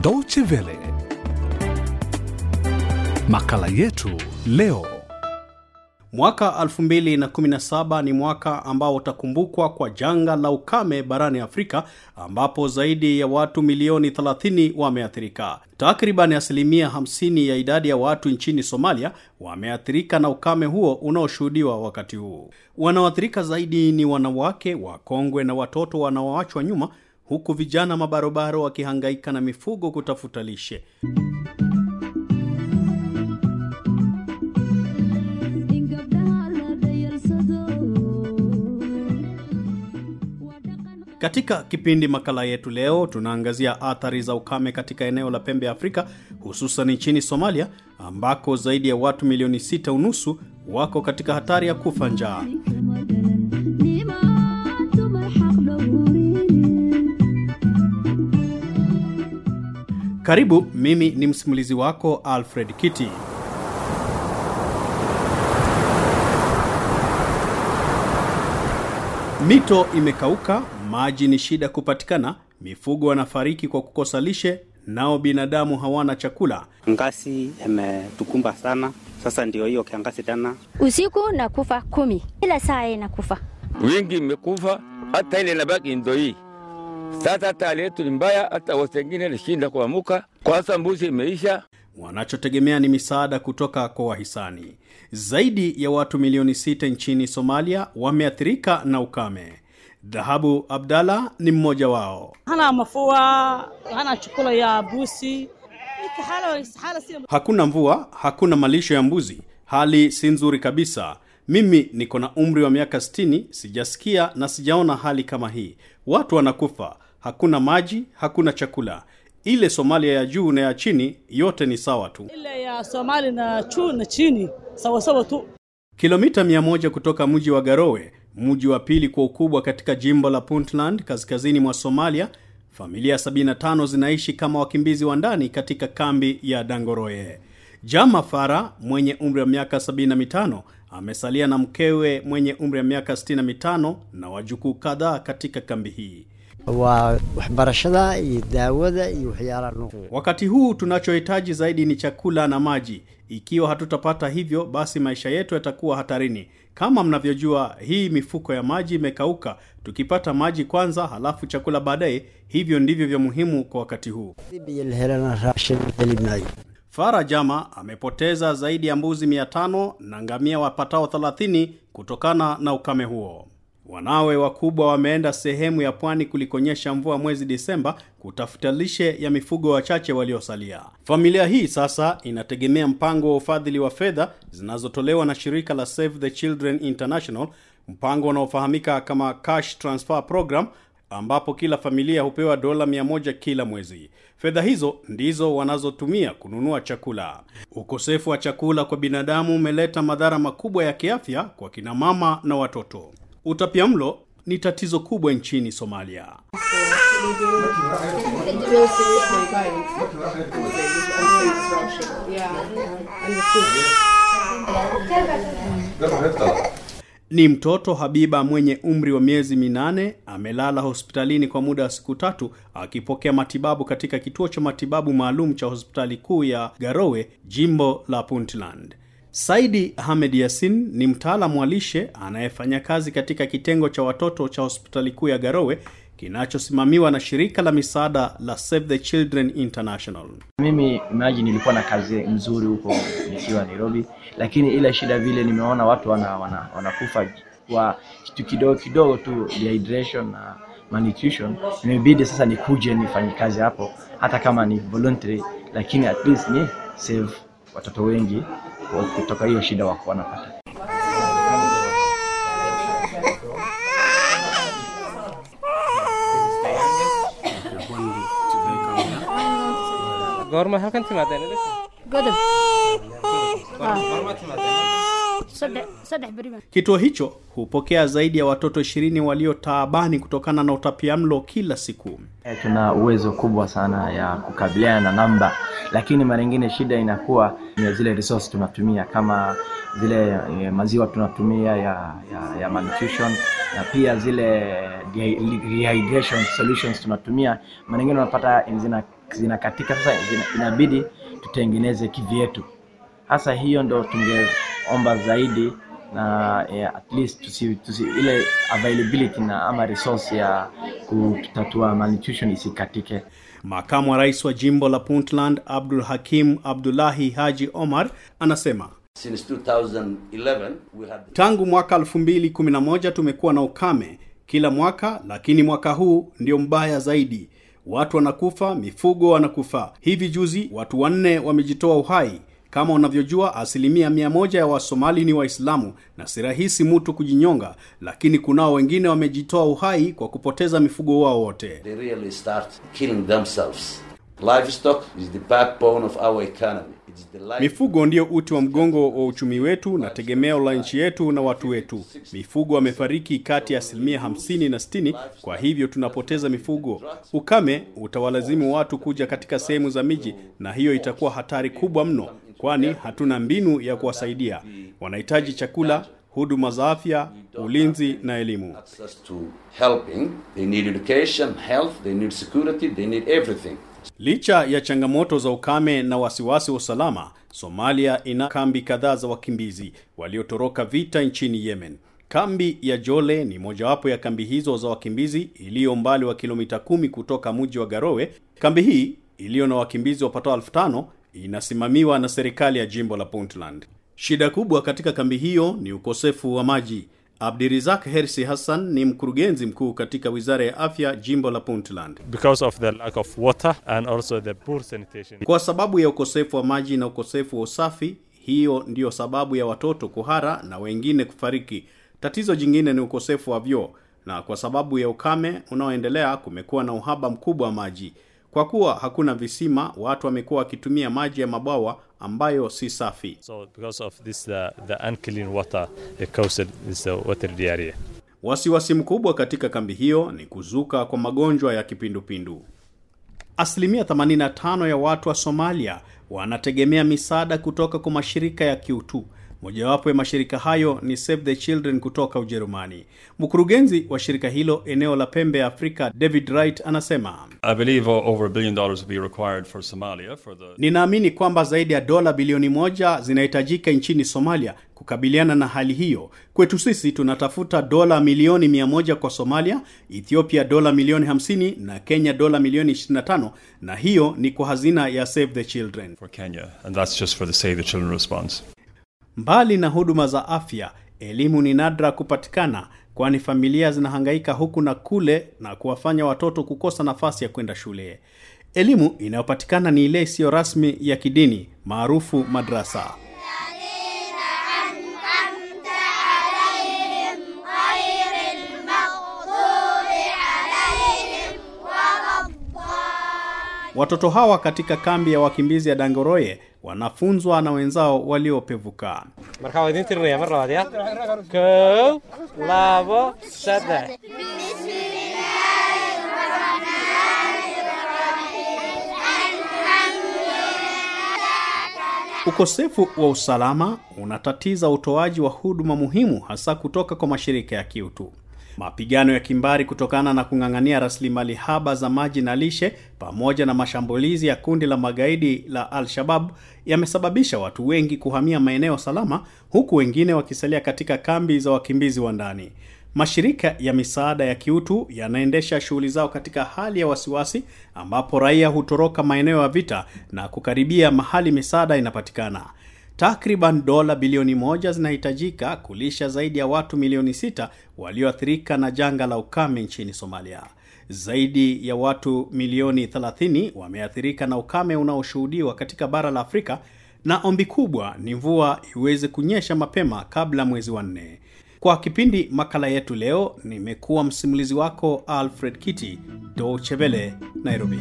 Dolce Vele. Makala yetu leo. Mwaka 2017 ni mwaka ambao utakumbukwa kwa janga la ukame barani Afrika ambapo zaidi ya watu milioni 30 wameathirika. Takriban asilimia 50 ya idadi ya watu nchini Somalia wameathirika na ukame huo unaoshuhudiwa wakati huu. Wanaoathirika zaidi ni wanawake, wakongwe na watoto wanaoachwa nyuma, huku vijana mabarobaro wakihangaika na mifugo kutafuta lishe. Katika kipindi makala yetu leo, tunaangazia athari za ukame katika eneo la pembe ya Afrika, hususan nchini Somalia ambako zaidi ya watu milioni sita unusu wako katika hatari ya kufa njaa. Karibu, mimi ni msimulizi wako Alfred Kiti. Mito imekauka, maji ni shida kupatikana, mifugo wanafariki kwa kukosa lishe, nao binadamu hawana chakula. Ngasi imetukumba sana, sasa ndio hiyo kiangasi tena. Usiku nakufa kumi, kila saa inakufa wingi, imekufa hata ile nabaki ndo hii sasa. Hata hali yetu ni mbaya, hata wasengine nishinda kuamuka. Kwanza mbuzi imeisha, wanachotegemea ni misaada kutoka kwa wahisani. Zaidi ya watu milioni sita nchini Somalia wameathirika na ukame. Dhahabu Abdalla ni mmoja wao. hana mafua, hana chakula ya busi. Hakuna mvua, hakuna malisho ya mbuzi, hali si nzuri kabisa. Mimi niko na umri wa miaka 60, sijasikia na sijaona hali kama hii. Watu wanakufa, hakuna maji, hakuna chakula ile Somalia ya juu na ya chini yote ni sawa tu. Ile ya Somalia na juu na chini sawa sawa tu. Kilomita 1 moja kutoka mji wa Garowe, mji wa pili kwa ukubwa katika jimbo la Puntland kaskazini mwa Somalia, familia 75 zinaishi kama wakimbizi wa ndani katika kambi ya Dangoroye. Jama Fara mwenye umri wa miaka 75 amesalia na mkewe mwenye umri wa miaka 65 na wajukuu kadhaa katika kambi hii iyo daawada iyo Wakati huu tunachohitaji zaidi ni chakula na maji. Ikiwa hatutapata hivyo, basi maisha yetu yatakuwa hatarini. Kama mnavyojua, hii mifuko ya maji imekauka. Tukipata maji kwanza, halafu chakula baadaye. Hivyo ndivyo vya muhimu kwa wakati huu. fara Jama amepoteza zaidi ya mbuzi 5 na ngamia wapatao 30 kutokana na ukame huo. Wanawe wakubwa wameenda sehemu ya pwani kulikonyesha mvua mwezi disemba kutafuta lishe ya mifugo wachache waliosalia. Familia hii sasa inategemea mpango wa ufadhili wa fedha zinazotolewa na shirika la Save the Children International, mpango unaofahamika kama Cash Transfer Program ambapo kila familia hupewa dola 1 kila mwezi. Fedha hizo ndizo wanazotumia kununua chakula. Ukosefu wa chakula kwa binadamu umeleta madhara makubwa ya kiafya kwa kinamama na watoto. Utapiamlo ni tatizo kubwa nchini Somalia. Ni mtoto Habiba mwenye umri wa miezi minane amelala hospitalini kwa muda wa siku tatu akipokea matibabu katika kituo cha matibabu maalum cha hospitali kuu ya Garowe, jimbo la Puntland. Saidi Hamed Yasin ni mtaalamu wa lishe anayefanya kazi katika kitengo cha watoto cha hospitali kuu ya Garowe kinachosimamiwa na shirika la misaada la Save the Children International. Mimi maji nilikuwa na kazi mzuri huko nikiwa Nairobi, lakini ile shida vile nimeona watu wanakufa wana, wana kwa kitu kidogo kidogo tu dehydration na malnutrition. Imebidi sasa nikuje nifanye kazi hapo, hata kama ni voluntary, lakini at least ni save watoto wengi kutoka hiyo shida wako wanapata. goorma halkan timaadeen godob goorma timaadeen Kituo hicho hupokea zaidi ya watoto ishirini waliotaabani kutokana na utapia mlo kila siku. Eh, tuna uwezo kubwa sana ya kukabiliana na namba, lakini mara nyingine shida inakuwa ni zile resource tunatumia kama zile eh, maziwa tunatumia ya, ya, ya malnutrition na pia zile eh, dehydration solutions tunatumia, mara nyingine unapata zinakatika. Sasa inabidi tutengeneze kivyetu, hasa hiyo ndo tunge omba zaidi na yeah, at least tusi, tusi, ile availability na ama resource ya kutatua malnutrition isikatike. Makamu wa rais wa jimbo la Puntland Abdul Hakim Abdullahi Haji Omar anasema Since 2011, we had... tangu mwaka 2011 tumekuwa na ukame kila mwaka, lakini mwaka huu ndio mbaya zaidi. Watu wanakufa, mifugo wanakufa. Hivi juzi watu wanne wamejitoa uhai kama unavyojua, asilimia mia moja ya Wasomali ni Waislamu na si rahisi mtu kujinyonga, lakini kunao wengine wamejitoa uhai kwa kupoteza mifugo wao wote. Mifugo ndiyo uti wa mgongo wa uchumi wetu na tegemeo la nchi yetu na watu wetu. Mifugo wamefariki kati ya asilimia 50 na 60, kwa hivyo tunapoteza mifugo. Ukame utawalazimu watu kuja katika sehemu za miji, na hiyo itakuwa hatari kubwa mno kwani hatuna mbinu ya kuwasaidia. Wanahitaji chakula, huduma za afya, ulinzi na elimu. Licha ya changamoto za ukame na wasiwasi wa usalama, Somalia ina kambi kadhaa za wakimbizi waliotoroka vita nchini Yemen. Kambi ya Jole ni mojawapo ya kambi hizo za wakimbizi iliyo umbali wa kilomita kumi kutoka mji wa Garowe. Kambi hii iliyo na wakimbizi wapatao elfu tano inasimamiwa na serikali ya jimbo la Puntland. Shida kubwa katika kambi hiyo ni ukosefu wa maji. Abdirizak Hersi Hassan ni mkurugenzi mkuu katika Wizara ya Afya jimbo la Puntland. Because of the lack of water and also the poor sanitation. Kwa sababu ya ukosefu wa maji na ukosefu wa usafi, hiyo ndiyo sababu ya watoto kuhara na wengine kufariki. Tatizo jingine ni ukosefu wa vyoo na kwa sababu ya ukame unaoendelea kumekuwa na uhaba mkubwa wa maji. Kwa kuwa hakuna visima, watu wamekuwa wakitumia maji ya mabwawa ambayo si safi. So this the, the water caused uh, Wasiwasi mkubwa katika kambi hiyo ni kuzuka kwa magonjwa ya kipindupindu. Asilimia 85 ya watu wa Somalia wanategemea misaada kutoka kwa mashirika ya kiutu Mojawapo ya mashirika hayo ni Save the Children kutoka Ujerumani. Mkurugenzi wa shirika hilo eneo la pembe ya Afrika, David Wright, anasema ninaamini kwamba zaidi ya dola bilioni moja zinahitajika nchini Somalia kukabiliana na hali hiyo. Kwetu sisi tunatafuta dola milioni mia kwa Somalia, Ethiopia dola milioni 50 na Kenya dola milioni 25, na hiyo ni kwa hazina ya Save the Children for Kenya and that's just for the Save the Children response. Mbali na huduma za afya, elimu ni nadra kupatikana, kwani familia zinahangaika huku na kule na kuwafanya watoto kukosa nafasi ya kwenda shule. Elimu inayopatikana ni ile isiyo rasmi ya kidini maarufu madrasa. Watoto hawa katika kambi ya wakimbizi ya Dangoroye wanafunzwa na wenzao waliopevuka. Ukosefu wa usalama unatatiza utoaji wa huduma muhimu hasa kutoka kwa mashirika ya kiutu mapigano ya kimbari kutokana na kung'ang'ania rasilimali haba za maji na lishe pamoja na mashambulizi ya kundi la magaidi la Al-Shabab yamesababisha watu wengi kuhamia maeneo salama huku wengine wakisalia katika kambi za wakimbizi wa ndani. Mashirika ya misaada ya kiutu yanaendesha shughuli zao katika hali ya wasiwasi, ambapo raia hutoroka maeneo ya vita na kukaribia mahali misaada inapatikana. Takriban dola bilioni moja zinahitajika kulisha zaidi ya watu milioni sita walioathirika na janga la ukame nchini Somalia. Zaidi ya watu milioni 30 wameathirika na ukame unaoshuhudiwa katika bara la Afrika, na ombi kubwa ni mvua iweze kunyesha mapema kabla mwezi wa nne. Kwa kipindi makala yetu leo, nimekuwa msimulizi wako Alfred Kiti, chevele Nairobi.